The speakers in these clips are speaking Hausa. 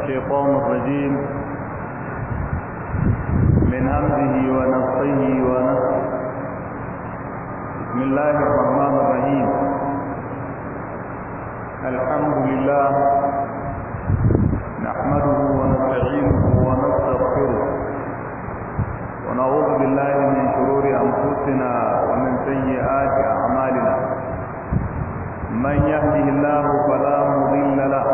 الشيطان الرجيم من همزه ونفسه ونفسه بسم الله الرحمن الرحيم الحمد لله نحمده ونستعينه ونستغفره ونعوذ بالله من شرور انفسنا ومن سيئات اعمالنا من يهده الله فلا مضل له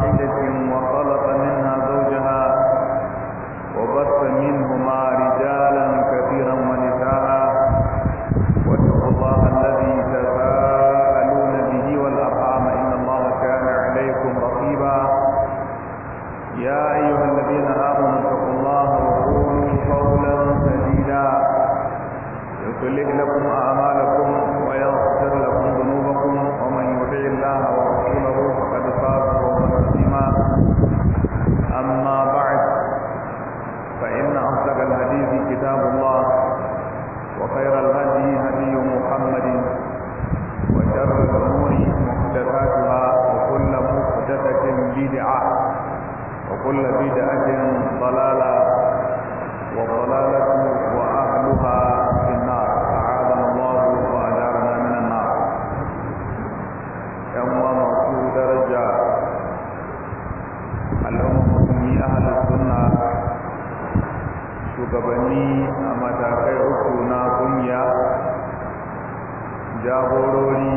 وكل بدعة ضلالة والضلالة وأهلها في النار أعاذنا الله وأجارنا من النار يوم مرسول درجة الأمم أهل السنة shugabanni a matakai uku na kungiya jagorori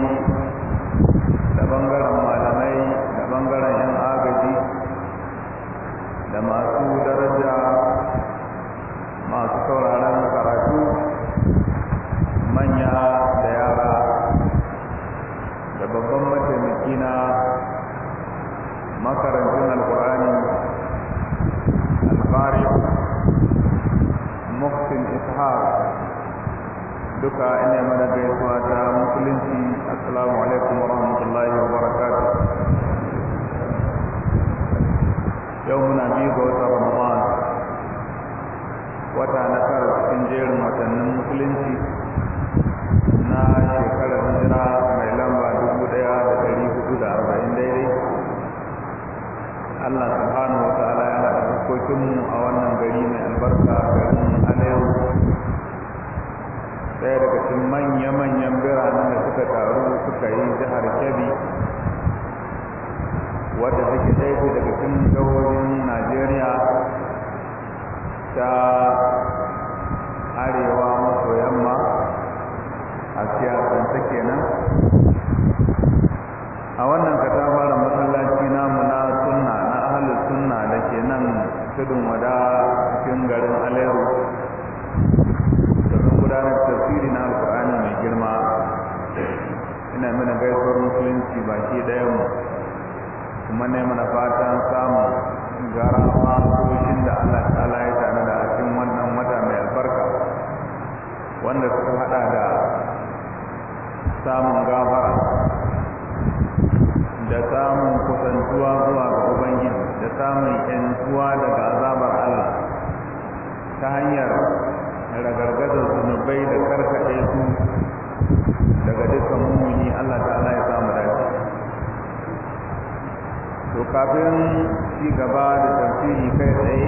harkokinmu a wannan gari mai albarka garin alayau ɗaya daga cikin manya-manyan biranen da suka taru suka yi jihar kebbi wadda take ɗaya daga cikin jihohin najeriya ta Kudin wada cikin garin aleru domin gudanar tafsiri na alkur'ani mai girma ina mana gaisuwar musulunci baki daya mu kuma ne mana fatan samun gara masoshin da allah ta'ala ya tana da cikin wannan wata mai albarka wanda suka hada da samun gafara da samun kusantuwa samun ‘yantuwa daga azabar Allah ta hanyar ragargazar zunubai da karkaɗe su daga dukkan mummuni Allah ta'ala ya samu dace. To kafin ci gaba da tafsiri kai tsaye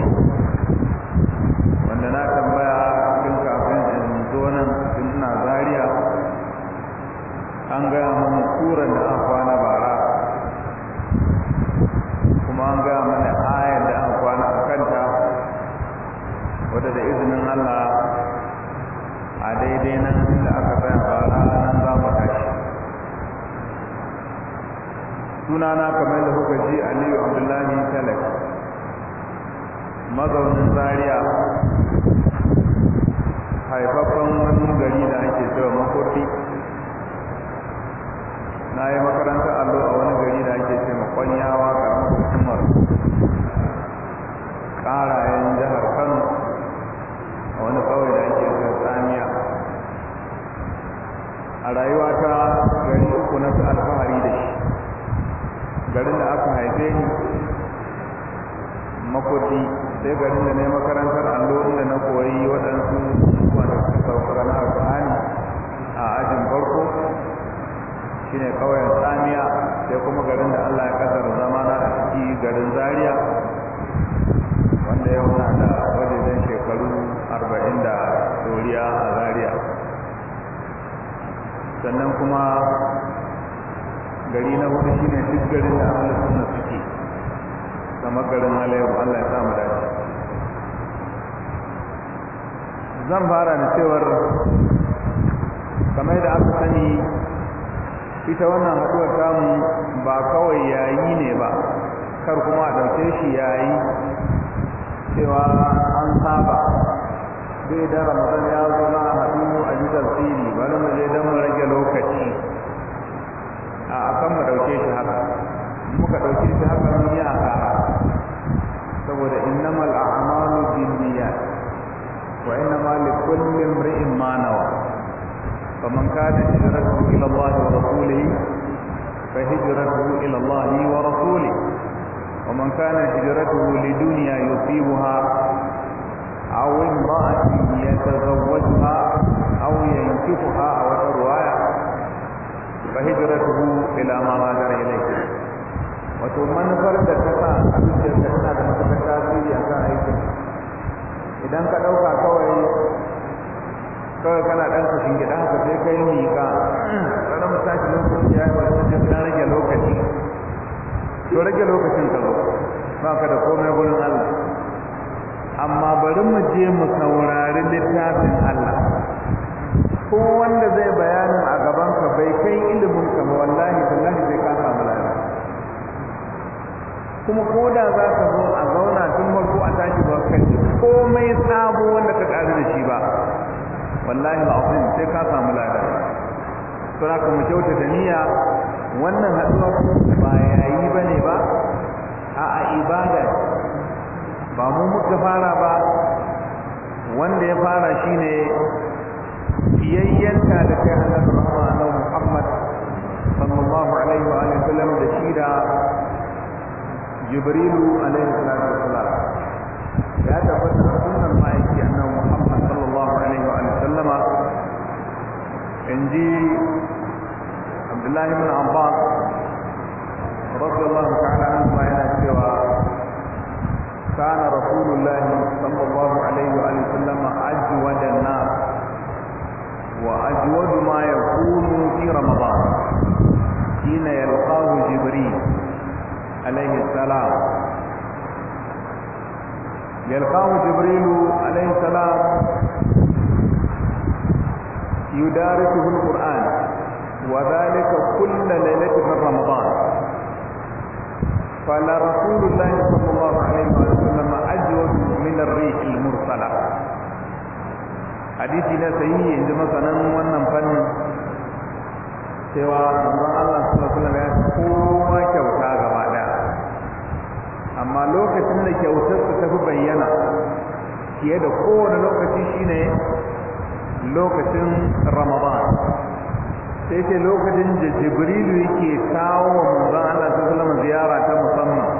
wanda na tambaya cikin kafin in zo nan cikin na zariya an gaya mun turan da an kwana bara kuma an gaya ta da izinin Allah a daidai nan da aka tsaya a nan za mu tashi sunana kamar da kuka ji Aliyu Abdullahi Talak mazaunin Zaria haifafan wani gari da ake cewa makofi na yi makarantar allo a wani gari da ake ce makwanyawa ga hukumar ƙara wanda kawai da ake kan tsamiya a rayuwa ta gari uku na alfahari da shi garin da aka haife ni makwaji sai garin da na yi makarantar allo inda na koyi waɗansu wanda su saukar na alfahari a ajin farko shine ƙauyen tsamiya sai kuma garin da allah ya kasar zama a ciki garin Zariya, wanda yau na da wajen shekaru arba'in da doriya a zariya sannan kuma gari na wuri shine duk garin da ahli na suke kamar garin halayyar Allah ya samu dace zan fara da cewar kamar da aka sani ita wannan haduwar samu ba kawai yayi ne ba kar kuma a ɗauke shi yayi cewa an saba sai da ramadan ya zo na haɗu a ji tafsiri bari mu je don mu rage lokaci a akan mu ɗauke shi haka muka ɗauke shi haka mu yi asara saboda innamal a'malu binniyat wa innama likulli imri'in ma nawa faman kana hijratuhu ila Allah wa rasulih fa hijratuhu ila Allah wa rasulih ومن كان هجرته لدنيا يصيبها أو امرأة يتزوجها أو ينكفها أو الرواية فهجرته إلى ما هاجر إليه وتمن فرد كذا أبدا تكنا لما تكاسي أكا أيضا إذا أنت دوكا كوي kawai kana ɗan ka shingida haka sai kai miƙa ranar mutashi lokaci ya yi wani jirgin rage lokaci to rage lokacin ka zo ba ka komai gurin Allah amma bari mu je mu saurari littafin Allah ko wanda zai bayanin a gaban ka bai kai ilimin ka ba wallahi tallahi zai ka samu lafiya kuma ko da za ka zo a zauna tun farko a tashi ba ka komai sabo wanda ka ƙaru da shi ba wallahi abin sai ka samu lafiya sura ka mu da niyya wannan haɗuwa ba yayi bane ba a'a ibada ba mu muka fara ba wanda ya fara shi shine kiyayyanta da kai annabi rahama Muhammad sallallahu alaihi wa alihi da shi da Jibrilu alaihi salatu wasalam ya tabbata sunnar ma'aiki annabi Muhammad sallallahu alaihi wa Sallama wasallama inji Abdullahi ibn Abbas radiyallahu ta'ala anhu yana cewa الله صلى الله عليه وآله وسلم أجود الناس وأجود ما يكون في رمضان حين يلقاه جبريل عليه السلام يلقاه جبريل عليه السلام يدارسه القرآن وذلك كل ليلة من رمضان فلا رسول الله صلى الله عليه وسلم أجود من الريح المرسلة حديثي لا سيئ عندما سنن ونن فن سوى الله صلى الله عليه وسلم يقول كوتا غبادا أما لوكتن لكوتا ستفو بينا fiye da kowane lokaci shine lokacin ramadan sai ke lokacin da jibrilu yake kawo wa manzon Allah sallallahu alaihi ziyara ta musamman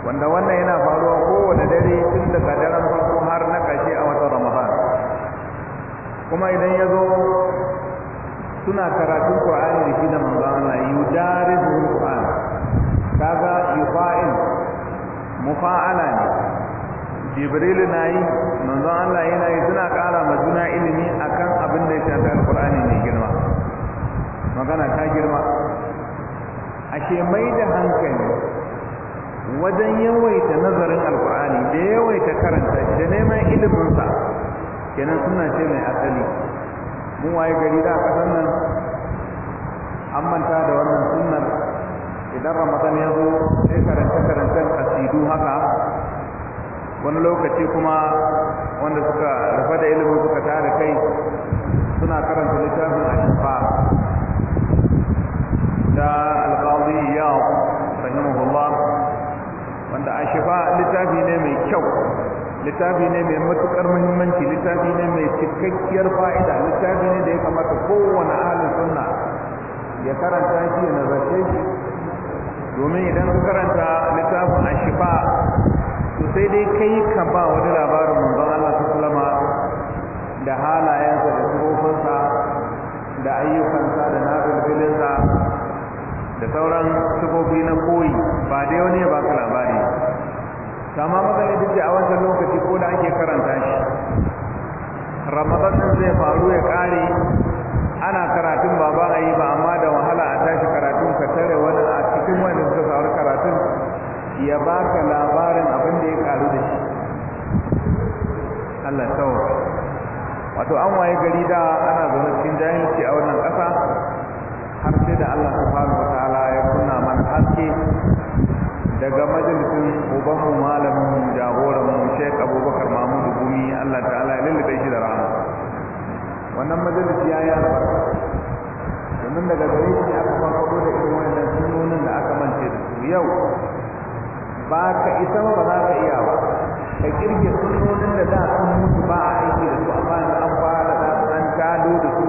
wanda wannan yana faruwa kowane dare tun daga daren farko har na ƙarshe a watan Ramadan kuma idan ya zo suna karatun Qur'ani da shi da manzon Allah ta Qur'an kaga yufa'il mufa'ala ne jibrilu na yi manzon Allah yana yi suna ƙara ma juna ilimi akan abin da ya shafi alƙur'ani mai girma magana ta girma ashe mai da hankali wajen yawaita nazarin alƙur'ani da yawaita karanta da neman iliminsa kenan suna ce mai asali mun waye gari da san nan an manta da wannan sunnar idan ramadan ya zo sai karance-karancen asidu haka wani lokaci kuma wanda suka rufe da ilimin suka tare kai suna karanta littafin ashifa da alƙawari ya hulwa, wanda ashifa littafi ne mai kyau littafi ne mai matuƙar muhimmanci littafi ne mai cikakkiyar fa'ida littafi ne da ya kamata kowane ahalin sunna ya karanta shi na nazarce shi domin idan ka karanta littafin ashifa to sai dai kai ka ba wani labarin manzon Allah ta sulama da halayensa da tsofinsa da ayyukansa da nafilinsa da sauran sufofi na koyi ba dai wani ya baka labari sama matsala duk a wancan lokaci ko da ake karanta shi ramadan zai faru ya kare ana karatun ba ba a ba amma da wahala a tashi karatun ka tare wani a cikin wani suka ya baka labarin abin da ya karu da shi Allah tawo wato an waye gari da ana zama cikin jahilci a wannan ƙasa har sai da Allah subhanahu ta'ala ya kunna mana haske daga majalisin ubanmu malamin jagoran mu Sheikh Abubakar Mahmud Gumi Allah ta'ala ya lalle shi da rahama wannan majalisi ya yi albarka domin daga gari ne, aka fara da irin wannan sunonin da aka mance da su yau ba ka isa ba ba za ka iya ba ka kirge sunonin da za sun mutu ba a aiki da su amma yanzu an fara da an gado da su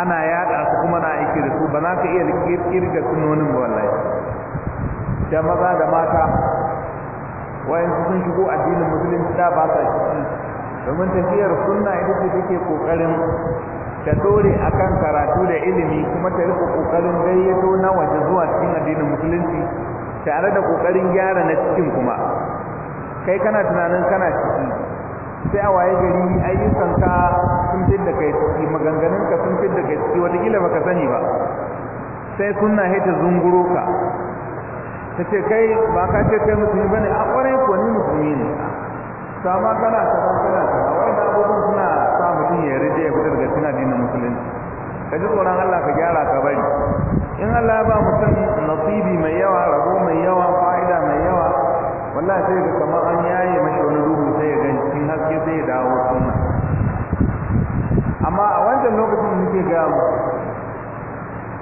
ana yada su kuma na aiki da su ba za ka iya da kirga sunonin ba wallahi da maza da mata wayan sun shigo addinin musulunci da ba sa shi domin tafiyar sunna ita ce take kokarin ta dore akan karatu da ilimi kuma ta rika kokarin gayyato na waje zuwa cikin addinin musulunci tare da kokarin gyara na cikin kuma kai kana tunanin kana ciki sai a waye gari ka sun fi da kai ciki maganganun ka sun fi da kai ciki kila baka sani ba sai sunna hita zunguro ka ta ce kai ba ka ce kai musulmi ba ne a kwarai ko ni musulmi ne sama kana ta kana ta wani abubuwan suna sa mutum ya rage ya fitar da suna dina musulunci ka ji tsoron Allah ka gyara ka bari in Allah ba mu san nasibi mai yawa rabo mai yawa fa'ida mai yawa wallahi sai ga kamar an yaye mashi wani ruhu sai ya gani cikin haske sai ya dawo sunna amma a wancan lokacin muke ga mu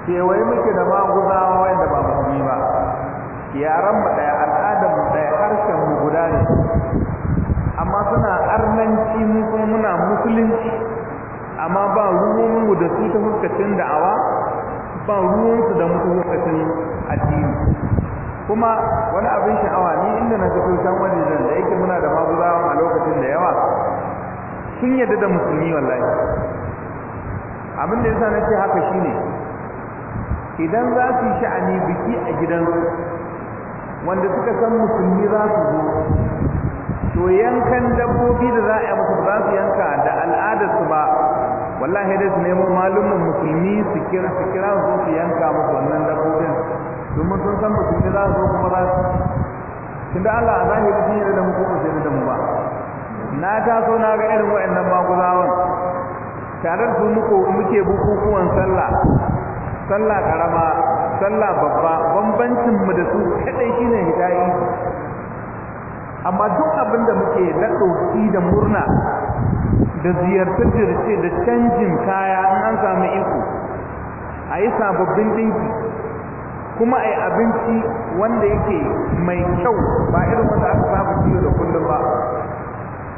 kewaye muke da maguzawa wanda ba musulmi ba yaran mu daya al'adar mu daya harshen mu guda ne amma suna arnanci mu kuma muna musulunci amma ba ruwanmu da su ta da da'awa ba ruwansu da mutu hukacin addini kuma wani abin sha'awa ni inda na ga tutan wani zan da yake muna da mabuzawa a lokacin da yawa sun yadda da musulmi wallahi abin da yasa nake haka shine idan za su yi sha'ani biki a gidan wanda suka san musulmi za su zo to yankan dabbobi da za a yi musu ba su yanka da al'adarsu ba wallahi dai su nemo malumin musulmi su kira su kira su su yanka musu wannan dabbobin domin sun san musulmi za su zo kuma za su tunda Allah a zahiri sun yi da muku kuma sai da mu ba na taso na ga irin waɗannan maguzawan tare da su muke bukukuwan sallah sallah karama sallah babba bambancin mu da su kadai shine hidayi amma duk abin da muke da dauki da murna da ziyarce ce da canjin kaya in an samu iko a yi sababbin dinki kuma a yi abinci wanda yake mai kyau ba irin wanda aka samu biyu da kullum ba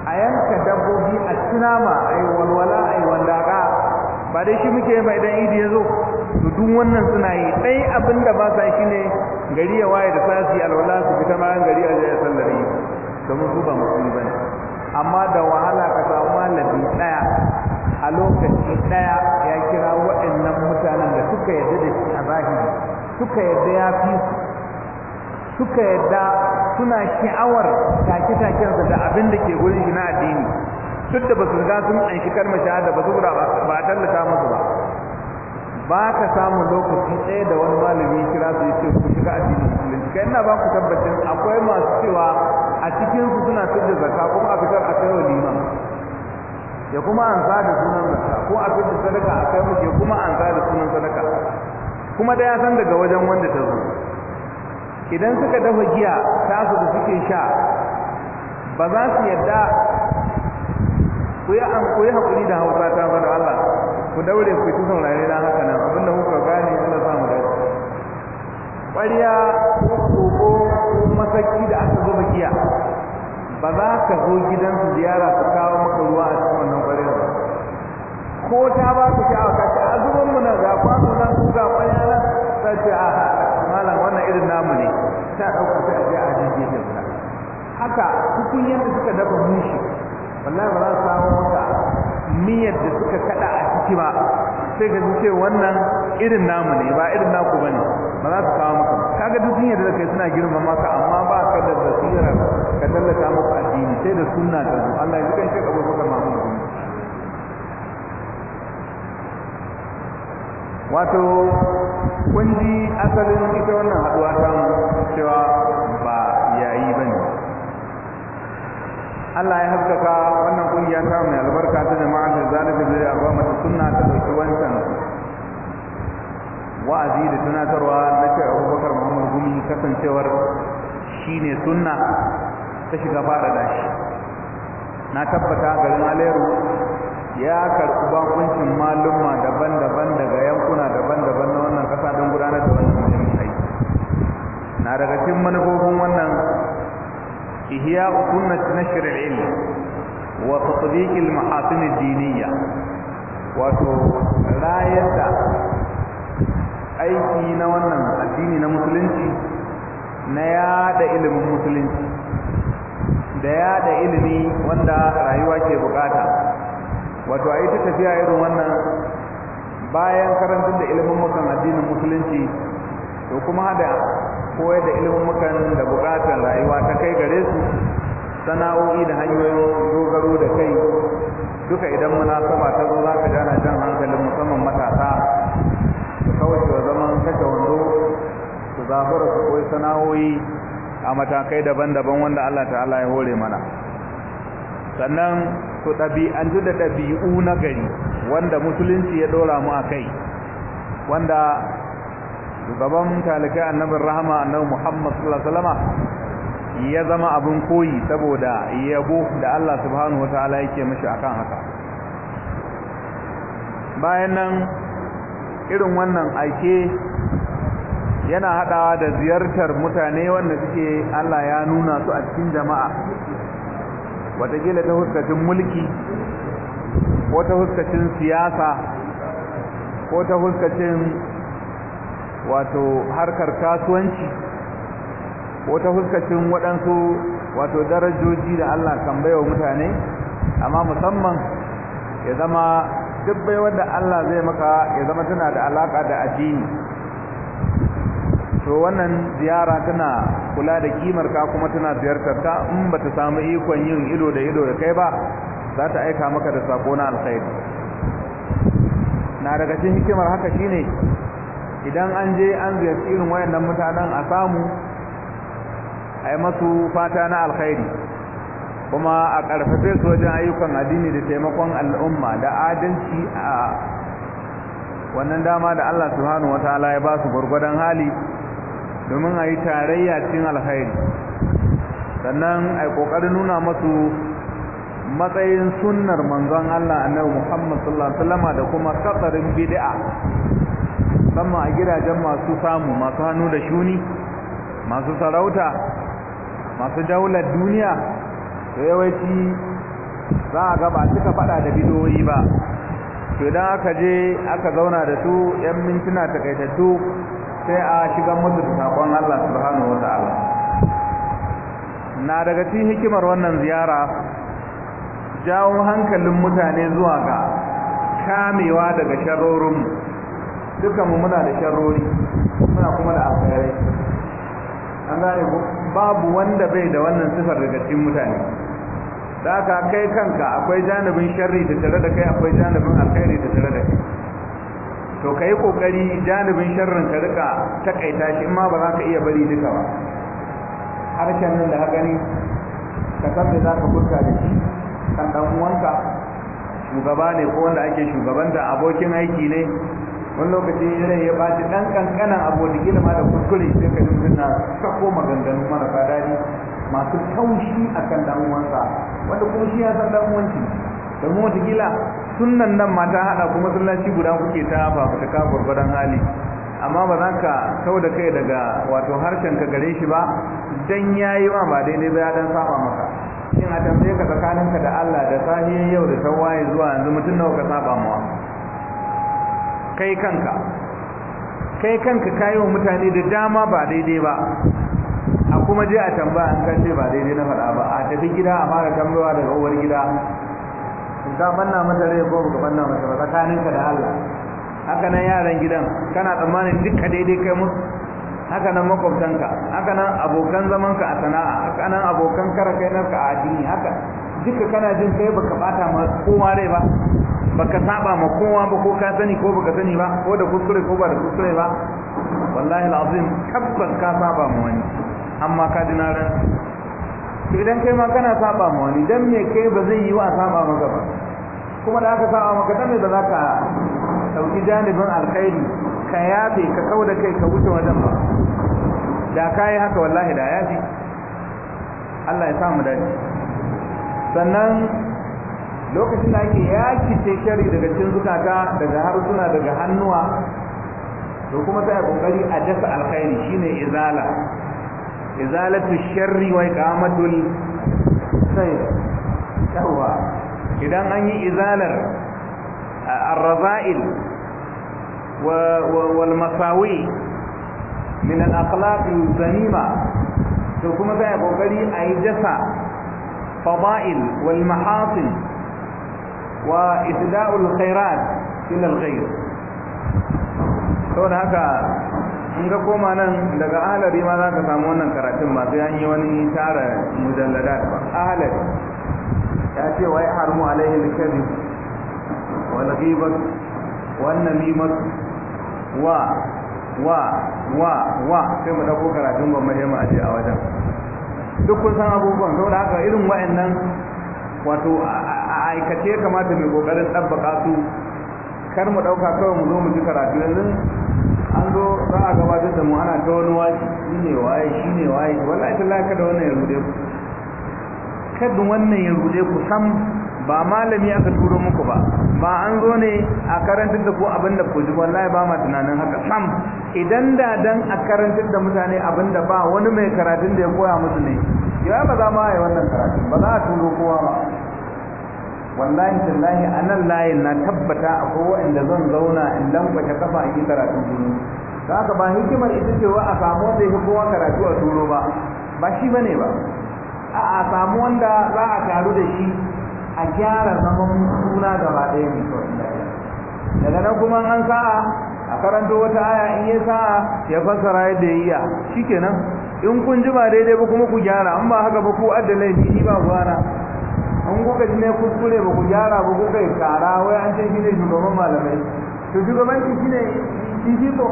a yanka dabbobi a cinama a yi walwala a yi wandaka ba dai shi muke mai dan idi ya zo to dun wannan suna yi ɗai abin da ba sa shi ne gari ya waye da yi alwala su fita bayan gari a zai sallar yi domin su ba musulmi ba ne amma da wahala ka samu malami ɗaya a lokaci ɗaya ya kira waɗannan mutanen da suka yarda da shi a zahiri suka yarda ya fi su, suka yarda suna sha'awar take-takensa da abin da ke gurin shi na addini duk da ba su riga sun aiki karma shahada ba gura ba a tallata musu ba ba ka samu lokaci ɗaya da wani malami ya kira su ya ce ku shiga addini musulunci kai ina ba ku tabbacin cikin su suna fitar zakka kuma a fitar a kai wa liman ya kuma an sa da sunan zakka ko a fitar sadaka a kai muke kuma an sa da sunan sadaka kuma da ya san daga wajen wanda ta zo idan suka dafa giya tasu da suke sha ba za su yadda ku yi hakuri da hausa ta ba da Allah ku daure ku ci saurare na haka nan abinda kuka gane ina samu dace ƙwariya ko ko mafarki da aka zuba giya ba za ka zo gidansu ziyara su kawo maka ruwa a cikin wannan farin ba ko ta ba ku sha'awa awa kashi a zuban mu na ga kwano nan ko ga ƙwaya ce a malam wannan irin namu ne ta ɗauka ta ajiye a jirgin da sa haka tukunyar da suka dafa mushi wallahi ba za su samu maka miyar da suka kaɗa a ciki ba sai ka ce wannan irin namu ne ba irin naku ba ne ba za su kawo maka kaga duk yadda da kai suna girma maka amma ba ka da basirar ka tallata maka addini sai da sunna ta zo Allah ya kan shi da mahmud wato kun asalin ita wannan haɗuwa ta cewa ba yayi ne. Allah ya haskaka wannan kungiya ta mai albarka ta jama'a da zalibin da ya mata sunna ta dauki wancan wa'azi da tunatarwa na ce Abubakar Muhammad Gumi kasancewar shine sunna ta shiga fara da shi na tabbata garin Aleru ya karɓi bakuncin malumma daban-daban daga yankuna daban-daban na wannan kasa don gudanar da wannan jami'ai na daga cikin manufofin wannan إهياء سنة نشر العلم وتطبيق المحاسن الدينية أي دين نوانا الدين نمسلنتي نياد علم مسلنتي نياد علمي da ilimi wanda rayuwa ke buƙata, wato a yi ta tafiya irin wannan bayan karantar da ilimin mukan addinin musulunci to kuma hada koyar da ilmumukan da bukatar rayuwa ta kai gare su sana'o'i da hanyoyin dogaro da kai duka idan muna munasaba ta zo za ka gana jan hankalin musamman matasa su kawace wa zaman kashe wando su zafura su koyi sana'o'i a matakai daban-daban wanda Allah ta'ala ya hore mana sannan su ɗabi'antu da ɗabi'u na gari wanda musulunci ya ɗora mu a kai wanda Gaban talikai annabin rahama annabi muhammad sallallahu alaihi wasallama ya zama abin koyi saboda yabo da Allah subhanahu wataala yake mishi akan haka bayan nan irin wannan aike yana hadawa da ziyartar mutane wanda suke Allah ya nuna su a cikin jama'a watakila ta huskacin mulki ko ta huskacin siyasa ko ta huskacin wato harkar kasuwanci wata huskacin waɗansu wato darajoji da Allah kan baiwa mutane amma musamman ya zama duk baiwar da Allah zai maka ya zama tana da alaka da addini to wannan ziyara tana kula da kimar ka kuma tana ziyartar ka in ba ta samu ikon yin ido da ido da kai ba za ta aika maka da sako na alkhairi na daga cikin hikimar haka shine idan an je an ziyarci irin wayannan mutanen a samu ai masu fata na alkhairi kuma a karfafe su wajen ayyukan addini da taimakon al'umma da adalci a wannan dama da Allah subhanahu wataala ya ba su gwargwadon hali domin a yi tarayya cikin alkhairi sannan a yi ƙoƙarin nuna masu matsayin sunnar manzon Allah annabi Muhammad sallallahu alaihi wasallam da kuma katsarin bid'a musamman a gidajen masu samu masu hannu da shuni masu sarauta masu daular duniya to yawanci za a gaba suka fada da bidoyi ba to idan aka je aka zauna da su yan mintuna takaitattu sai a shiga musu da sakon Allah subhanahu wataala na daga cikin hikimar wannan ziyara jawo hankalin mutane zuwa ga kamewa daga sharorin dukkan mu muna da sharrori muna kuma da alkhairai an gane ku babu wanda bai da wannan sifar daga cikin mutane da aka kai kanka akwai janibin sharri da tare da kai akwai janibin alkhairi da tare da kai to kai kokari janibin sharrin ka rika takaita shi in ma ba za ka iya bari duka ba harshen nan da haka ne ka san me za ka furta da shi kan dan uwanka shugaba ne ko wanda ake shugabanta abokin aiki ne wani lokaci yanayi ya baci ɗan kankanan abu da gina ma da kuskure sai ka ji mutum na marasa daɗi masu taushi a kan damuwansa wanda kuma shi ya san damuwanci domin gila, sunan nan mata haɗa kuma sallaci guda kuke ta fafutuka gwargwadon hali amma ba za ka sau da kai daga wato harshen ka gare shi ba dan ya yi ma ba daidai ba ya dan saba maka shin a tambaye ka tsakaninka da Allah da sahiyar yau da tawaye zuwa yanzu mutum nawa ka saba mawa kai kanka kai kanka kai wa mutane da dama ba daidai ba a kuma je a tambaya an kace ba daidai na faɗa ba a tafi gida a fara tambayowa daga uwar gida da banna mata rai ko ga banna mata ba tsakaninka da Allah haka nan yaran gidan kana tsammanin duka daidai kai mu haka nan makwabtanka haka nan abokan zamanka a sana'a haka nan abokan kara kai a addini haka duka kana jin kai baka bata ma kowa rai ba baka saba ma kowa ba ko ka sani ko baka sani ba ko da kuskure ko ba da kuskure ba wallahi alazim tabbas ka saba ma wani amma ka dina ran idan kai ma kana saba ma wani dan me kai ba zai yi wa saba maka ba kuma da aka saba maka dan me ba za ka dauki janibin alkhairi ka yafe ka kauda kai ka wuce wajen ba da kai haka wallahi da yafi Allah ya sa mu dace sannan lokacin da ake yaki ce shari daga cikin zukata daga harsuna daga hannuwa to kuma sai a kokari a dasa alkhairi shine izala izalatu sharri wa iqamatul khair yawa idan an yi izalar ar-raza'il wal masawi min al-akhlaq al-zamima to kuma sai a kokari a yi dasa fada'il wal mahasin وإسداء الخيرات إلى الغير saboda haka in ga koma nan daga alari ma za ka samu wannan karatun ba sai an yi wani tara mujallada ba alari ya ce wai ya harmu alaihi alkazi wa ghibat wa namimat wa wa wa wa sai mu dauko karatun ban mahimma a a wajen duk kun san abubuwan saboda haka irin wa'annan wato a aikace kamata mai kokarin ɗabbaka su kar mu ɗauka kawai mu zo mu ji karatu yanzu an zo za a gabatar da mu ana ta wani waje shi ne waye shi ne waye wallahi ta laka da wannan ya rude ku kada wannan ya rude ku sam ba malami aka turo muku ba ba an zo ne a karantar da ku abin da ku ji wallahi ba ma tunanin haka sam idan da dan a karantar da mutane abin da ba wani mai karatun da ya koya musu ne ya ba za ma yi wannan karatu ba za a turo kowa ba wallahi tallahi a layin na tabbata akwai waɗanda zan zauna in lambata kafa in yi karatu jini da haka ba hikimar ita ce wa a samu wanda ya fi kowa karatu a turo ba ba shi ba ne ba a a samu wanda za a taru da shi a gyara zaman suna gaba ɗaya mai kawai daga nan kuma an sa'a a karanto wata aya in ya sa'a ya fassara yadda ya iya shikenan in kun ji ba daidai ba kuma ku gyara an ba haka ba ku addala ne ni ba gwara an kuka ji ne kuskure ba ku gyara ba ku kai kara wai an ce shi ne shugaban malamai to shugabanci shi ne shi shi ko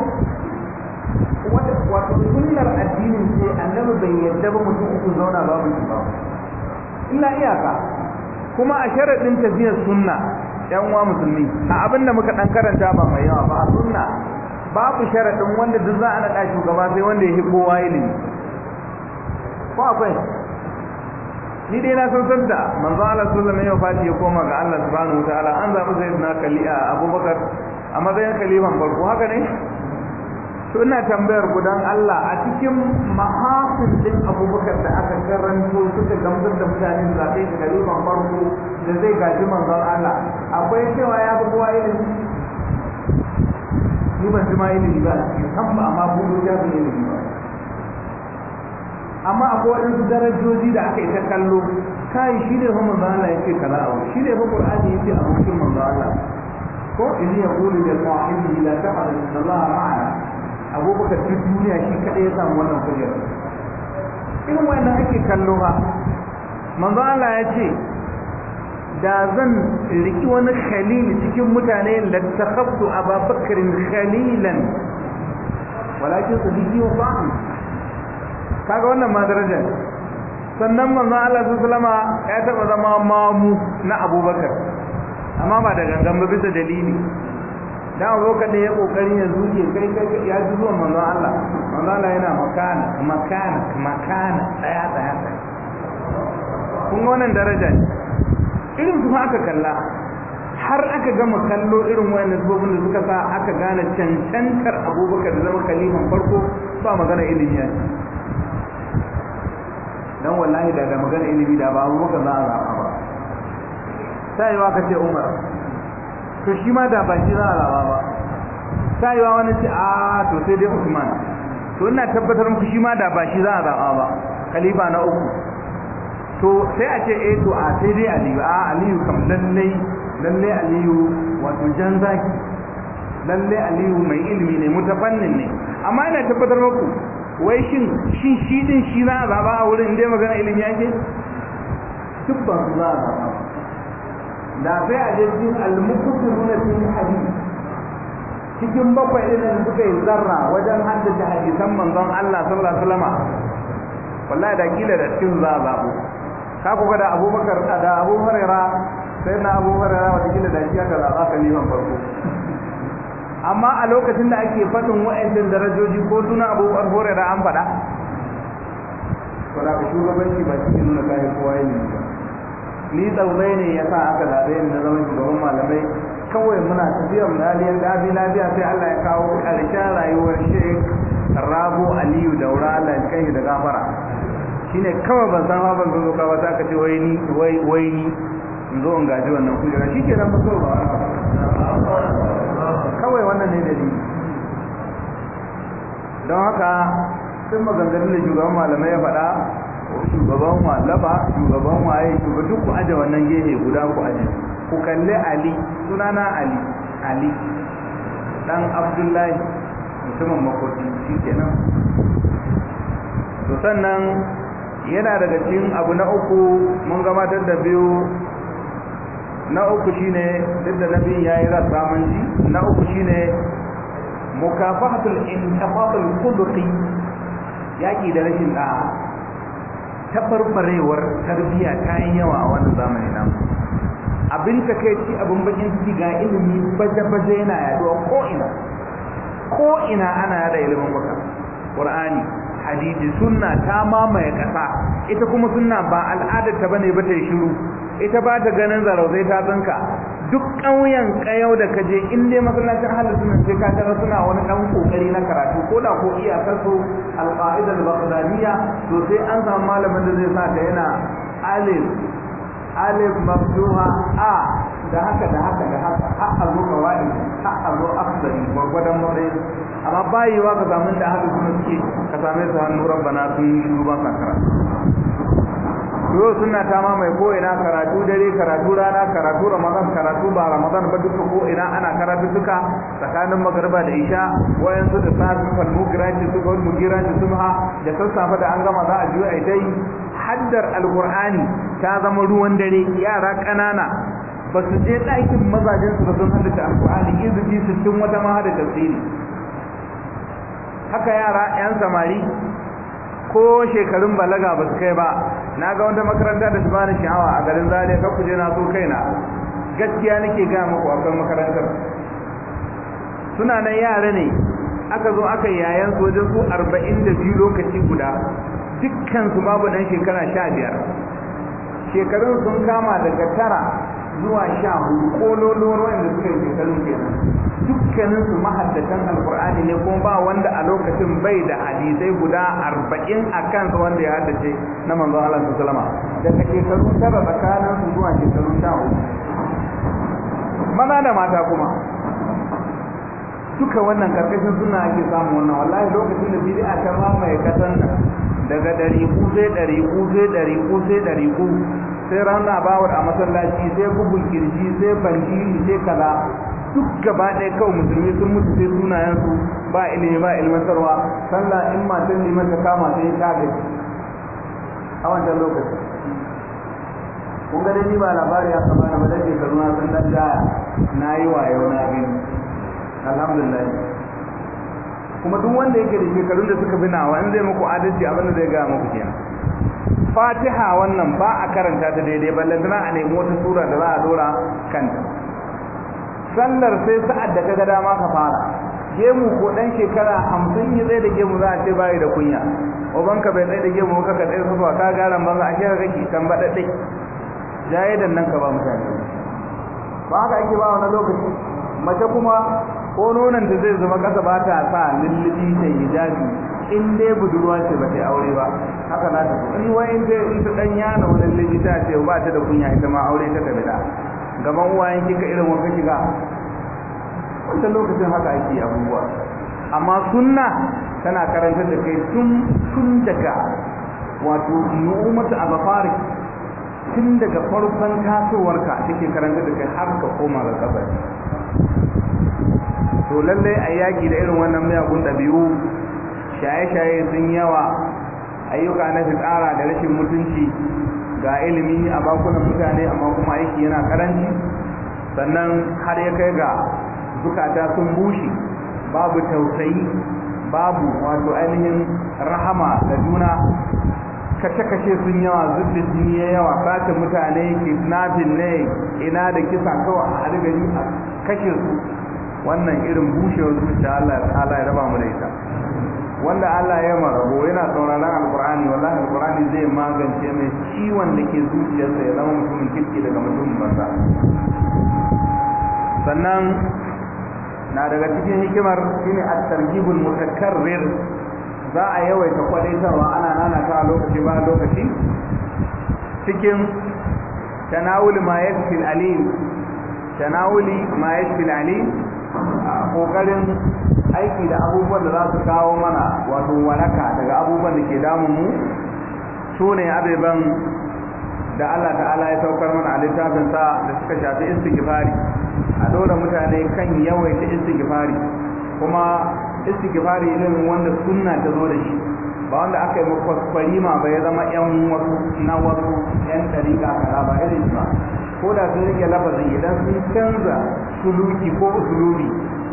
wato sunnar addinin ce annabi bai yarda ba mutum uku zauna babu shi ba illa iyaka kuma a sharaɗin tafiyar sunna yan uwa musulmi a abin da muka dan karanta ba mai yawa ba sunna babu sharaɗin wanda duk za a naɗa shugaba sai wanda ya hi kowa ilimi ko akwai ni dai na san da manzo Allah sallallahu alaihi wasallam ya koma ga Allah subhanahu wataala an zabi sayyidina kali'a Abubakar a matsayin kaliman farko haka ne to ina tambayar ku dan Allah a cikin mahafin din Abubakar da aka karanto suka gamsar da mutane da zai kaliman farko da zai gaji manzo Allah akwai cewa ya fi kowa ilimi ni ban ji ma ilimi ba san ba amma buɗe ya fi ilimi ba amma akwai waɗansu darajoji da aka ita kallo kai shi ne fa manzo Allah yake kaza abu shi ne fa Qur'ani yake abu shi manzo Allah ko in ya qulu da ta la da inna A ma'ana abubakar shi duniya shi kaɗai ya samu wannan kujera irin wannan ake kallo ba manzo Allah ya ce da zan riki wani khalil cikin mutane da ta kafto a ababakar khalilan walakin sadiqi wa fa'a kaga wannan ma darajar sannan manzon Allah sallama ya taba zama mamu na Abubakar amma ba da gangan ba bisa dalili dan zo ne ya kokarin ya zuke kai kai ya ji zuwa manzon Allah manzon Allah yana makana makana makana tsaya tsaya kun ga wannan darajar? irin su aka kalla har aka gama kallo irin wannan zubin da suka sa aka gane cancantar abubakar da zama kalifan farko ba magana ilimi ne dan wallahi da da magana ilimi da ba ka za a zaba ba sai wa kace umar to shi ma da ba shi za a zaba ba wa wani ce a to sai dai usman to ina tabbatar muku shi ma da ba shi za a zaba ba khalifa na uku to sai a ce eh to a sai dai aliyu a aliyu kam lallai lallai aliyu wato jan zaki lallai aliyu mai ilimi ne mutafannin ne amma ina tabbatar muku wai shin shin shi din shi za a zaba a wurin dai magana ilimi yake duk ba su za a zaba da sai a jirgin almukutu nuna cikin hadisi cikin bakwai ɗin da suka yi zarra wajen haddace hadisan manzon Allah sallallahu alaihi wasallam wallahi da kila da cikin za a zabo ka kuka da Abubakar da Abu Hurairah sai na Abu Hurairah wata kila da shi aka zaba kaliman farko amma a lokacin da ake faɗin wa'ancan darajoji ko suna abubuwan horara an faɗa faɗa shugabanci ba cikin nuna kayan kowa yin ba ni tsaurai ne ya sa aka zaɓe ni na zama shugaban malamai kawai muna tafiyar laliyar dabi lafiya sai allah ya kawo ƙarshen rayuwar sheik rabu aliyu daura allah ya kai da gafara shine kawai ban san ban zo ka ba za ka ce wai ni wai wai ni in zo in gaji wannan kujera shi ke nan ba so ba kawai wannan ne dalili don haka sun maganganu da shugaban malamai ya faɗa shugaban malaba shugaban waye shugaban duk ku aje wannan gehe guda ku aje ku kalli ali sunana ali ali dan abdullahi mutumin makoti shi kenan to sannan yana daga cikin abu na uku mun gabatar da biyu na uku shine duk da nabi ya yi rasa manji na uku shine mukafahatul intifatul khuluqi yaki da rashin da tabarbarewar tarbiyya ta yi yawa a wannan zamani nan abin ci abin bakin ciki ga ilimi baje-baje yana yaduwa ko ina ko ina ana yada ilimin baka qur'ani hadisi sunna ta mamaye kasa ita kuma sunna ba al'adar ta bane ba ta shiru ita ba ta ganin zarauzai ta tsinka duk ƙauyen ƙayau da kaje in dai masallacin ahlus sunna sai ka tara suna wani dan kokari na karatu ko da ko iyakar su alqaida al-baghdadiyya to sai an samu malamin da zai sa ta yana alif alif mafduha a da haka da haka da haka har a zo kawai har a zo afdari gwagwadon matsayin amma bayewa ka samun da haka kuma suke ka same su hannu rabbana sun yi duba ba sa yau suna ta mamaye ko ina karatu dare karatu rana karatu ramadan karatu ba ramadan ba duka ko ina ana karatu duka tsakanin magarba da isha wayansu da sa su kalmu giranci su ga mu giraji su ma da sassafe da an gama za a juya ai dai haddar alqur'ani ta zama ruwan dare yara ƙanana. ba su je ɗakin mazajen su ba sun haddace alƙur'ani su cin wata ma hada tafsiri haka yara 'yan samari ko shekarun balaga ba su kai ba na ga wata makaranta da su bani sha'awa a garin zariya ka kuje na so kaina gaskiya nake ga muku akan makarantar suna nan yara ne aka zo aka yayan sojan su arba'in da biyu lokaci guda dukkan su babu dan shekara sha biyar shekarun sun kama daga tara zuwa sha hudu kololo wanda suka yi shekaru kenan dukkanin su mahaddatan alqur'ani ne kuma ba wanda a lokacin bai da hadisai guda arba'in a kansa wanda ya haddace na manzon Allah su salama daga shekaru tara tsakanin su zuwa shekaru sha hudu maza da mata kuma duka wannan karkashin suna ake samu wannan wallahi lokacin da bidi'a ta mamaye kasan nan daga ɗari ku sai ɗari ku sai ɗari ku sai ɗari ku sai rana bawar a masallaci sai bugun kirji sai bandiri sai kaza duk gaba ɗaya kawai musulmi sun mutu sai sunayensu ba ilimi ba ilmantarwa sallah in matan liman ta kama sai ta gaji a wancan lokaci kun ga dai ba labari ya saba na madadin karuna sun dan da na yi wayo na bin alhamdulillah kuma duk wanda yake da shekarun da suka bi nawa in zai muku adalci abin da zai gaya muku kenan fatiha wannan ba a karanta ta daidai ba lazina a nemi wata sura da za a dora kanta sallar sai sa'ad da kaga dama ka fara gemu ko dan shekara hamsin yi tsaye da gemu za a ce bayi da kunya ubanka bai tsaye da gemu ka ka tsaye ba, ka garan banza a shekara kake kan baɗaɗe jaye da nan ka ba mutane ba haka ake ba wani lokaci mace kuma ko nonon da zai zama kasa ba ta sa lullubi ta hijabi in dai budurwa ce ba ta aure ba haka za ta so in wai in dai ita dan yana wani limita ce ba ta da kunya ita ma aure ta kabila gaban uwayen kika irin wanka kiga wanda lokacin haka ake abubuwa amma sunna tana karanta da kai tun tun daga wato nu'umatu al tun daga farkon tasowarka take karanta da kai har ka koma ga kabari to lalle a yaki da irin wannan miyagun ɗabi'u shaye-shaye sun yawa ayyuka na fitsara da rashin mutunci ga ilimi a bakunan mutane amma kuma aiki yana karanci sannan har ya kai ga zukata sun bushe babu tausayi babu wato ainihin rahama da juna kace-kace sun yawa zubin jini ya yawa fata mutane ke snafin ne ina da kisa kawai a hargari a kashe su wannan irin bushewar zuciya Allah ya raba mu da ita wanda Allah ya marabo yana sauraron alkur'ani wallahi alkur'ani zai magance mai ciwon da ke zuciyarsa ya zama mutumin kirki daga mutumin basa? sannan na daga cikin hikimar shine at-targhibul mutakarrir za a yawaita kwadaitarwa ana ta lokaci ba lokaci cikin tanawul ma yakfil alim tanawuli ma alim kokarin aiki da abubuwan da za su kawo mana wato waraka daga abubuwan da ke damun mu su ne abeban da Allah ta'ala ya saukar mana a littafin sa da suka shafi istighfari a dole mutane kan yawaita istighfari kuma istighfari ilimin wanda sunna ta zo da shi ba wanda aka yi makwaskwari ma ba ya zama yan wasu na wasu yan dariƙa kara ba irin ba ko da sun rike lafazi idan sun canza suluki ko usuluri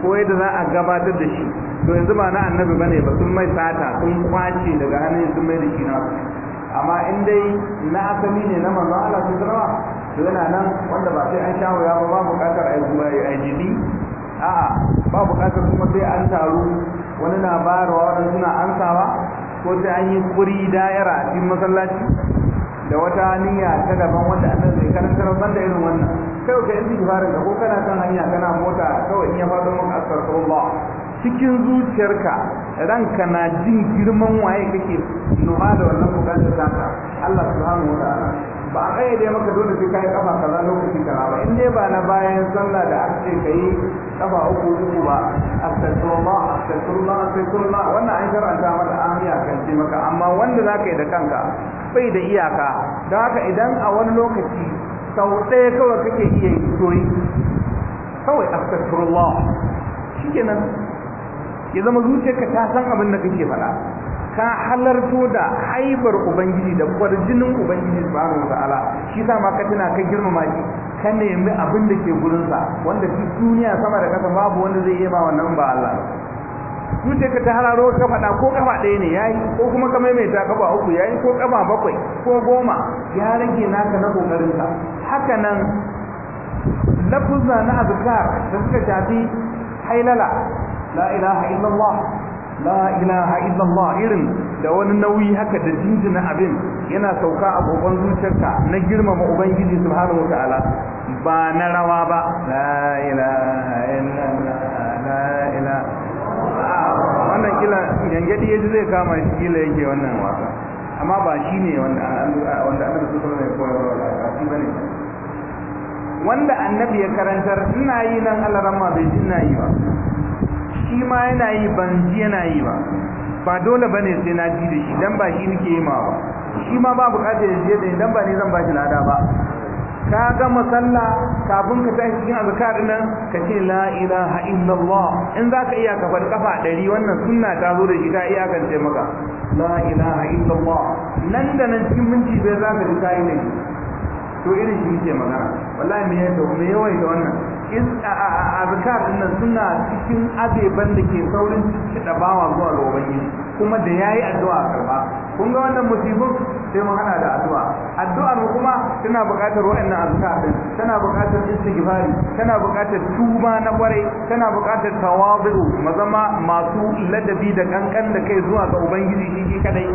ko yadda za a gabatar da shi to yanzu ba na annabi bane ba sun mai sata sun kwace daga hannun sun mai da shi na amma in dai na asali ne na manzon Allah sun zama to yana nan wanda ba sai an shawo ya ba babu bukatar ai jidi a'a ba bukatar kuma sai an taru wani na bayarwa suna ansawa ko sai an yi kuri da'ira a cikin masallaci da wata niyya ta daban wanda annabi zai karantar banda irin wannan kai ka yanzu kifarin ka ko kana kan hanya kana mota kawai in ya faɗo maka astagfirullah cikin zuciyarka ranka na jin girman waye kake noma da wannan bukatar taka Allah subhanahu wa ta'ala ba a dai maka dole sai kai kafa kaza lokacin kaza ba in dai ba na bayan sallah da aka ce kai kafa uku uku ba astagfirullah astagfirullah astagfirullah wannan an karanta maka amiya kan ce maka amma wanda zaka yi da kanka bai da iyaka don haka idan a wani lokaci sau ɗaya kawai kake iya yi soyi kawai a Law. shi nan ya zama zuciyarka ta san abin da kake faɗa ka halarto da haibar ubangiji da kwarjinin ubangiji subhanahu wa ta'ala shi sa ma ka tana ka girmama shi ka nemi abin da ke gurinsa wanda duk duniya sama da kasa babu wanda zai yi ma wannan ba Allah ka ta hararo ka faɗa ko kafa ɗaya ne yayi ko kuma ka maimaita kafa uku yayi ko kafa bakwai ko goma ya rage naka na kokarin ka haka nan lafuzza na azkar da suka shafi hailala la ilaha illallah la ilaha illallah irin da wani nauyi haka da jinjina abin yana sauka a gogon zuciyarka na girmama ubangiji subhanahu wataala ba na rawa ba la ilaha illallah la ilaha wannan kila idan gadi yaji zai kama shi kila yake wannan wasa amma ba shi ne wanda annabi su kuma mai koyarwa ba shi ba ne wanda annabi ya karantar ina yi nan alarama bai ji ina yi ba shi ma yana yi ban ji yana yi ba ba dole ba ne sai na ji da shi dan ba shi nake yi ma ba shi ma ba bukatar ya ji da dan ba ne zan ba shi lada ba ka gama sallah kafin ka tashi cikin azkar nan ka ce la ilaha illallah in za ka iya ka faɗi kafa ɗari wannan sunna ta zo da shi ta ce maka la ilaha illallah nan da nan cikin minti bai za ka ji ta yi ne to irin shi ke magana wallahi me yadda me yawai da wannan in azkar nan suna cikin abeban da ke saurin cikin da bawa zuwa ga kuma da yayi addu'a karba kun ga wannan musibin sai mu hana da addu'a addu'ar kuma tana buƙatar waɗannan azkar din tana buƙatar istighfari tana buƙatar tuba na kwarai tana buƙatar tawazu mazama masu ladabi da kankan da kai zuwa ga ubangiji shi ke kadai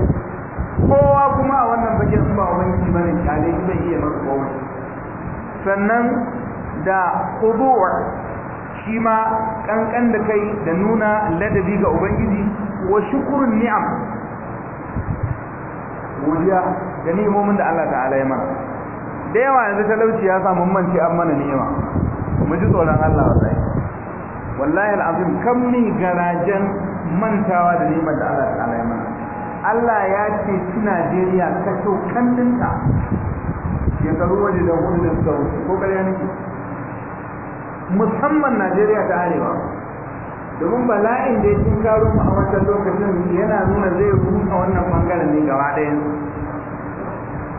kowa kuma a wannan bakin ba ubangiji bane kyale shi bai iya masa komai sannan da kuduwa shi ma kankan da kai da nuna ladabi ga ubangiji wa shukurun ni'am godiya da ni'imomin da Allah ta'ala ya mana da yawa yanzu talauci ya sa mun mance an mana ni'ima mu ji tsoron Allah wallahi wallahi alazim kam ni garajen mantawa da ni'imar da Allah ta'ala ya mana Allah ya ce ci Najeriya kaso kallinta ya tsaro waje da hudu da ko kare ne musamman Najeriya ta arewa domin bala'in da ya karo mu a wancan lokacin yana nuna zai rusa wannan bangaren ne gaba ɗaya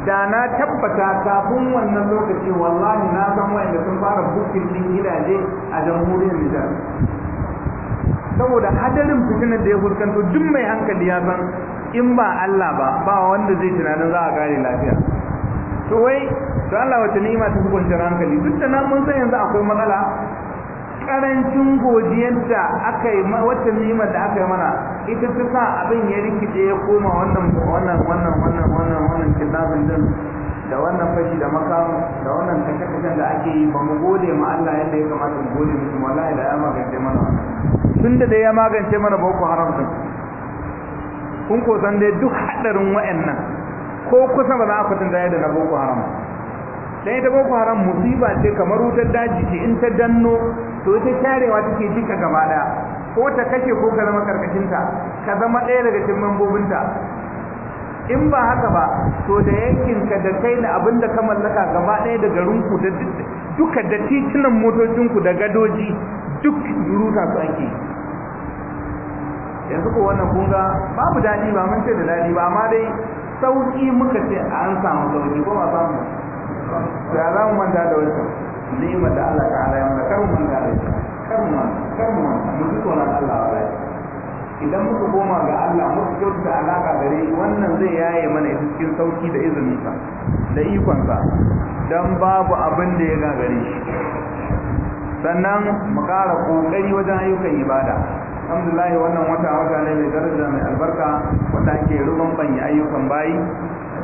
da na tabbata kafin wannan lokaci wallahi na san wa'anda sun fara bukin din gidaje a jamhuriyar Nijar saboda hadarin fitinar da ya fuskanto duk mai hankali ya san in ba Allah ba ba wanda zai tunanin za a kare lafiya to wai to Allah wata ni'ima ta hukunta hankali duk da nan mun san yanzu akwai matsala karancin godiyarta aka yi wacce ni'imar da aka yi mana ita ta sa abin ya rikice ya koma wannan wannan wannan wannan wannan wannan kitabin din da wannan fashi da makamu da wannan kashe-kashen da ake yi ba mu gode ma Allah yadda ya kamata mu gode musu wallahi da ya magance mana tun da ya magance mana boko haram din kun ko san dai duk hadarin wa'annan ko kusa ba za a kwatanta yadda na boko haram dan ita boko haram musiba ce kamar wutar daji ce in ta danno to ita sharewa take jika gaba daya ko ta kashe ko ka zama ta ka zama ɗaya daga cikin ta in ba haka ba to da yankin ka da kai da abin da ka mallaka gaba ɗaya da ku da duka da titunan ku da gadoji duk ruta su ake yanzu ko wannan kunga babu daɗi ba mun ce da daɗi ba amma dai sauƙi muka ce an samu sauƙi ko ba samu ya za mu manta da wancan ni'ima da Allah ta ala yamma kar mu manta da shi, kar mu kar mu mu ji tsoron Allah wala idan muka koma ga Allah muka kyautata alaka gare shi wannan zai yaye mana cikin sauki da izinin izininsa da ikonsa don babu abin da ya gagare shi sannan mu ƙara ƙoƙari wajen ayyukan ibada alhamdulillah wannan wata wata ne mai daraja mai albarka wanda ake ruban banyi ayyukan bayi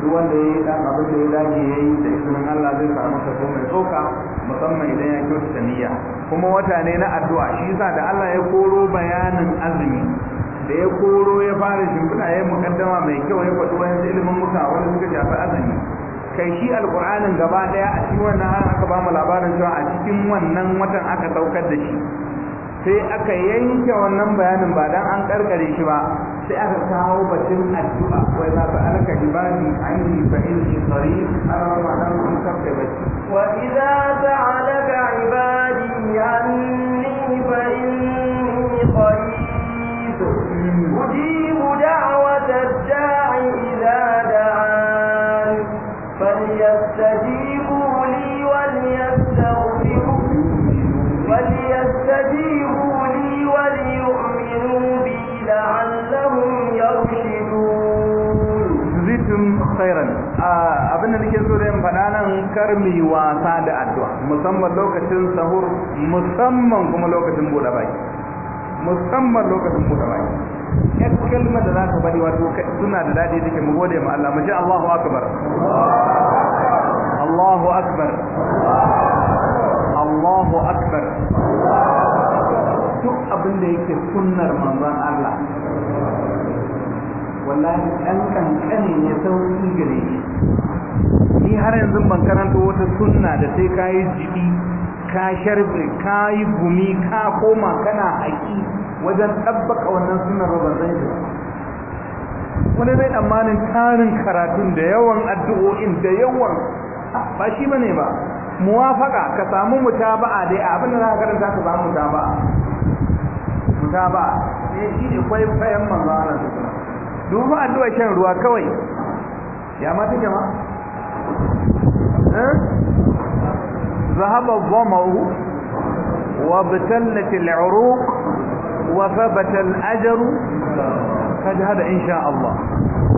duk wanda ya yi dan abu da ya dace ya yi da izinin Allah zai samu kaso mai tsoka musamman idan ya ta niyya kuma wata ne na addu'a shi yasa da Allah ya koro bayanin azumi da ya koro ya fara shimfiɗa ya mukaddama mai kyau ya faɗi wani ilimin muka wani suka shafi azumi kai shi alƙur'anin gaba ɗaya a cikin wannan har aka bamu labarin cewa a cikin wannan watan aka saukar da shi sai aka yanke wannan bayanin ba dan an karkare shi ba sai aka kawo batun addu'a wai za ta alaka ibadi anni fa inni qarib ana ma dan an karkare ba wa idza ta'alaka ibadi anni fa inni qarib hmm. khairan abin da nake so da yin faɗa nan kar mi wasa da addu'a musamman lokacin sahur musamman kuma lokacin buɗe baki musamman lokacin buɗe baki ya kalmar da za ka bari wato suna da daɗi take mu gode ma Allah mu ji Allahu akbar Allahu akbar Allahu akbar duk abin da yake sunnar manzon Allah wallahi ɗan kankane ne sauƙi gare shi ni har yanzu ban karanta wata sunna da sai ka yi jiki ka sharbe ka yi gumi ka koma kana haƙi wajen ɗabbaka wannan sunnar ba zai da wani zai tsammanin tarin karatun da yawan addu'o'in da yawan ba shi ba ne ba muwafaka ka samu mutaba'a dai abin da za ka karanta ka samu mutaba'a mutaba'a ne eh, shi ne kwaikwayon manzo Allah duba addu'a shan ruwa kawai ya ma take ma eh? ذهب الظمأ وابتلت العروق وثبت الأجر قد هذا إن شاء الله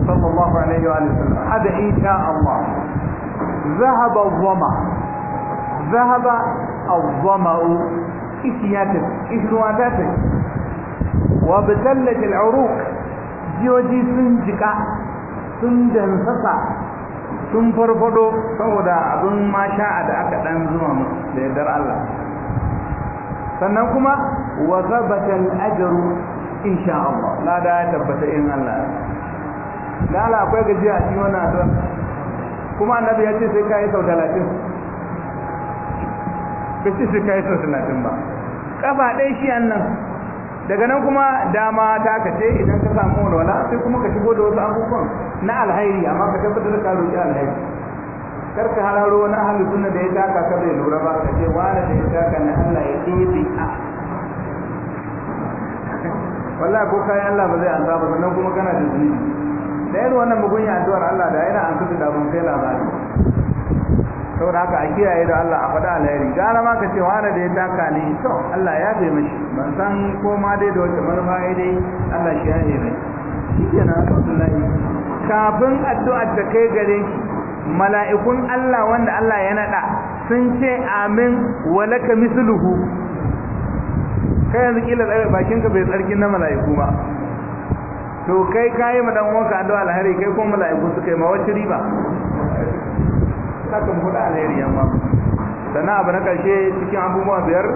صلى الله عليه وسلم هذا إن شاء الله ذهب الظمأ ذهب الظمأ إشياتك إشواتاتك وابتلت العروق jiyoji sun jika sun jansasa sun farfado saboda abin masha'a da aka dan zuwa da yadda Allah sannan kuma wa zabata al-ajru insha Allah lada ya tabbata in Allah Allah akwai gajiya a cikin wannan addu'a kuma annabi ya ce sai kai sau 30 bai ce sai kai sau 30 ba kafa ɗaya shi annan daga nan kuma dama ta ka ce idan ka samu wala sai kuma ka shigo da wasu abubuwan na alhairi amma ka tabbatar da ka roƙi alhairi kar ka halaro wani ahalin sunna da ya taka ka bai lura ba ka ce wani da ya taka na Allah ya ɗebe a wallahi ko kai Allah ba zai azaba sannan kuma kana da zunubi da irin wannan mugun addu'ar Allah da yana an kusa da mun kai labari saboda haka a kiyaye da Allah a faɗa alheri gara ma ka ce wani da ya taka ne to Allah ya bai mashi ban san ko ma dai da wata manufa ya dai Allah shi ya ne mai shi ke na Abdullahi kafin addu'ar ta kai gare mala'ikun Allah wanda Allah ya naɗa sun ce amin walaka misluhu kai yanzu kila bakinka bai tsarki na mala'iku ba to kai kayi ma dan uwanka addu'a alheri kai ko mala'iku su kai ma wacce riba sakan hudu alheri yan ba sannan abu na karshe cikin abubuwa biyar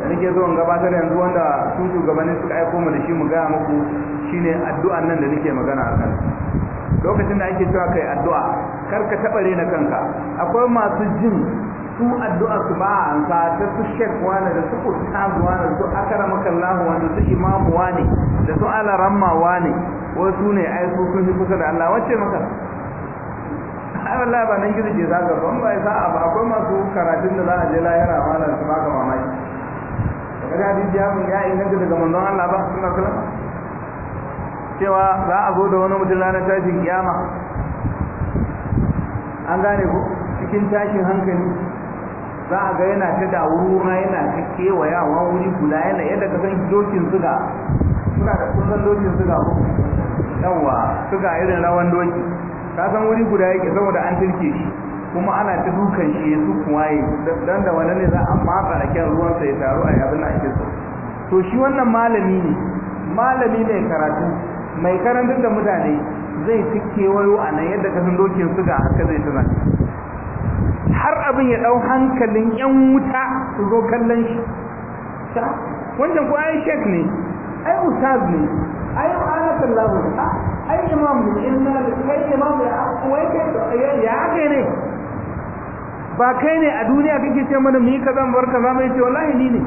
da nake zo gabatar yanzu wanda su shugabanni suka aiko mu da shi mu gaya muku shine addu'an nan da nake magana akan lokacin da ake cewa kai addu'a kar ka taɓa rena kanka akwai masu jin su addu'a su ba a ta su shek wani da su ustaz wani da su akrama kallahu wani su imamu wani da su alaramma wani wasu ne ai sun fi kusa da Allah wacce maka ai wallahi ba nan gizo ke zaga ba ba sa'a ba akwai masu karatun da za a je lahira ma da su baka mamaki daga hadisi ya mun ya inganta daga manzon Allah ba sallallahu alaihi wasallam cewa za a zo da wani mutum ranar tashin kiyama an gane ku cikin tashin hankali za a ga yana ta dawuruna yana ta kewayawa wuri kula, yana yadda ka san dokin suga suna da kusan dokin suga ko yawwa suga irin rawan doki ka san wuri guda yake saboda an tilke shi kuma ana ta dukan shi ya su kuwaye dan da wannan ne za a matsa da kyan ruwan sa ya taru a abin ake so to shi wannan malami ne malami mai karatu mai karantar da mutane zai ci kewayo a nan yadda kasan dokin ga haka zai tana har abin ya dau hankalin yan wuta su zo kallon shi wancan ko ai shek ne ai ustaz ne ai alakallahu ai imam ne in na kai imam ya wai kai ya kai ne ba kai ne a duniya kake ce mana mi kaza bar kaza mai ce wallahi ni ne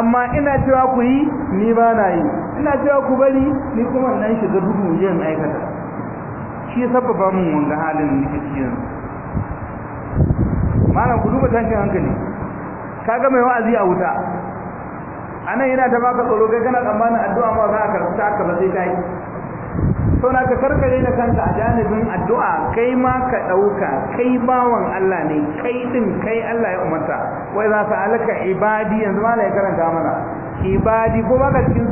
amma ina cewa ku yi ni ba na yi ina cewa ku bari ni kuma nan shiga duhu yin aikata shi sababa mun wanga halin da kake yanzu malam ku duba tashin hankali kaga mai wa'azi a wuta anan yana ta baka tsoro kai kana tsammanin addu'a ma za a karɓi ta ba sai kai sau na ka karkare da kanka a janibin addu'a kai ma ka ɗauka kai bawan Allah ne kai ɗin kai Allah ya umarta wai za su alaka ibadi yanzu ma ya karanta mana ibadi ko ba ka cikin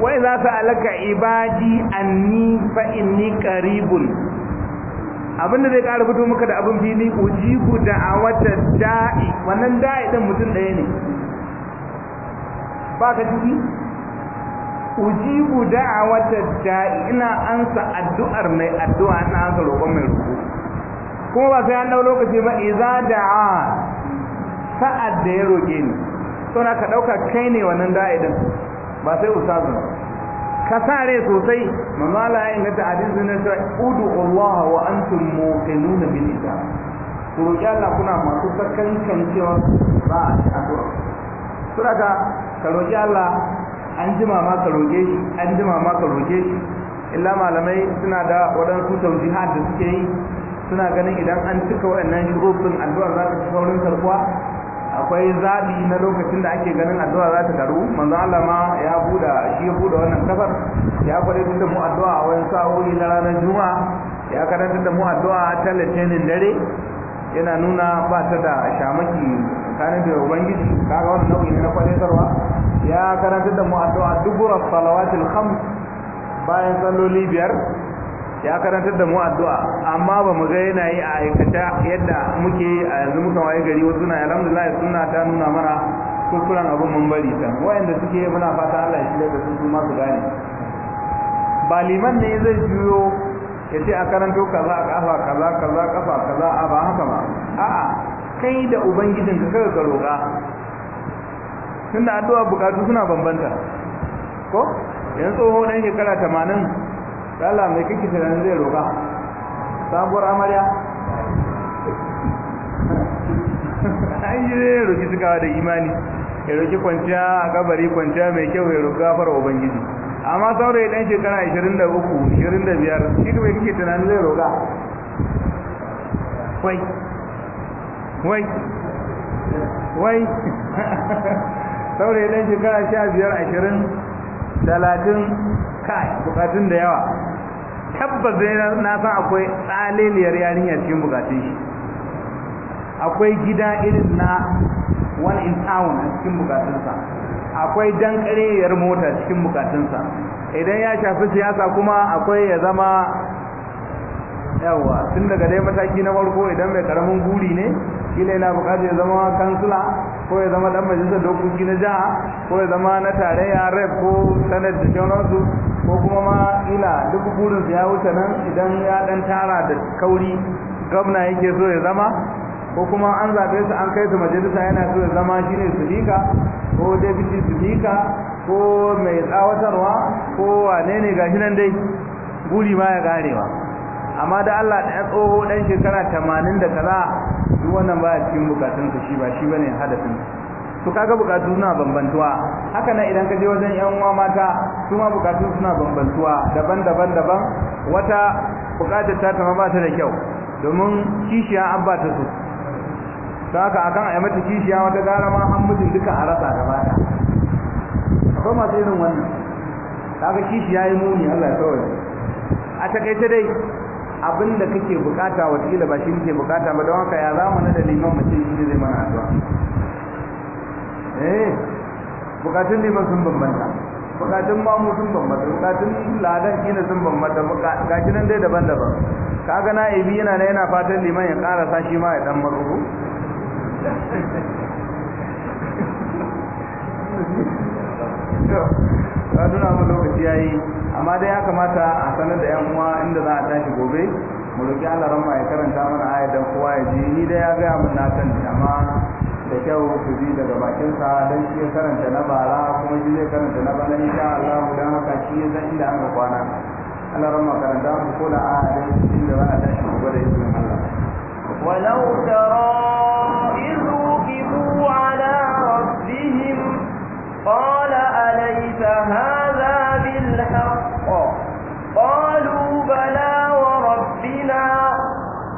wai za su alaka ibadi anni fa inni qaribun abinda zai ƙara fito maka da abin fili ujibu wata da'i wannan da'i din mutum ɗaya ne ba ka ciki ujibu da'awata da'i ina ansa addu'ar mai addu'a ina ansa roƙon mai roƙo kuma ba sai an dau lokaci ba idza da'a sa'ad da ya roƙe ni to na ka dauka kai ne wannan da'i din ba sai ustazu ba ka sare sosai mamala ya ta hadisi na sai udu Allah wa antum muqinun bil ijab to roƙi Allah kuna masu sakankan cewa ba a ka roƙi Allah an jima ma ka roge shi an jima ma ka roge shi illa malamai suna da waɗansu tawjihat da suke yi suna ganin idan an cika waɗannan shurufin addu'ar za ta ci saurin karkuwa akwai zaɓi na lokacin da ake ganin addu'a za ta karu manzo Allah ma ya buɗe shi ya buɗe wannan kafar ya kwadatar da mu addu'a a wani sa'o'i na ranar juma'a ya karantar da mu addu'a ta litinin dare yana nuna ba ta da shamaki tsakanin da ubangiji kaga wannan nau'i ne na kwadatarwa ya karanta da mu addu'a dubura salawatil khams bayan salloli biyar ya karanta da mu addu'a amma ba mu ga yana yi a aikata yadda muke a yanzu muka waye gari wasu na alhamdulillah sunna ta nuna mana kuskuren abin mun bari ta wayanda suke muna fata Allah ya shirya da su su gane ba liman ne zai juyo ya ce a karanto kaza kafa kaza kaza kafa kaza a ba haka ba a'a kai da ubangijin kaga ka roƙa tunda addu'a bukatu suna bambanta ko yanzu tsoho dan shekara 80 Allah mai kike tunanin zai roka sabuwar amarya ai yi roki cikawa da imani ya roki kwanciya a kabari kwanciya mai kyau ya roki gafar ubangiji amma saurayi dan shekara 23 25 shi kuma kike tunanin zai roka wai wai wai saurayi dan shekara sha biyar ashirin talatin kai bukatun da yawa tabbas ne na san akwai tsaleliyar yarinyar cikin bukatun shi akwai gida irin na one in town a cikin bukatunsa akwai dan kareyar mota cikin bukatunsa idan ya shafi siyasa kuma akwai ya zama yawa tun daga dai mataki na farko idan mai karamin guri ne kila yana bukatar ya zama kansila ko ya zama dan majalisar dokoki na jiha ko ya zama na tarayya rep ko sanar da shauransu ko kuma ma ila duk burinsu ya wuce nan idan ya dan tara da kauri gwamna yake so ya zama ko kuma an zaɓe su an kai su majalisa yana so ya zama shi ne sulika ko deputy sulika ko mai tsawatarwa ko wane ne gashi nan dai guri ma ya garewa amma da Allah da ya tsoho dan shekara 80 da kaza duk wannan ba cikin bukatun ka shi ba shi bane hadafin to kaga bukatu suna bambantuwa haka nan idan ka je wajen yan uwa mata su ma bukatu suna bambantuwa daban-daban daban wata bukatar ta kama ba ta da kyau domin kishiya abba ta su ta akan a mata kishiya wata gara ma an mijin duka a rasa gaba ta akwai masu irin wannan kaga kishiya yi muni Allah ya kawai a takaice dai abin da kake bukata watakila ba shi muke bukata ba don haka ya zama na da liman mace ne zai mana addu'a eh bukatun liman sun bambanta bukatun mamu sun bambanta bukatun ladan ne sun bambanta shi nan dai daban-daban kaga na ibi yana na yana fatan liman ya karasa shi ma ya dan marubu Yeah. ka mu lokaci yayi amma dai ya kamata a sanar da yan uwa inda za a tashi gobe mu roki Allah ran ya karanta mana ayar dan kowa ya ji ni dai ya ga mun na san amma da kyau ku ji daga bakin sa dan shi ya karanta na bara kuma shi zai karanta na bana insha Allah dan haka shi ya san inda aka kwana Allah mai karanta mu ko da dai inda za a tashi gobe da izinin Allah walau tara قال أليس هذا بالحق قالوا بلى وربنا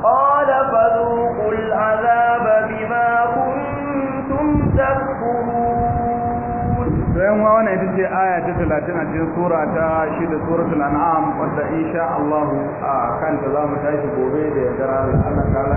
قال فذوقوا العذاب بما كنتم تكفرون sayan wa wannan ita ce aya ta 30 a cikin sura ta 6 suratul an'am wanda insha Allahu! a kanta zamu tashi gobe da yardar rana, ta'ala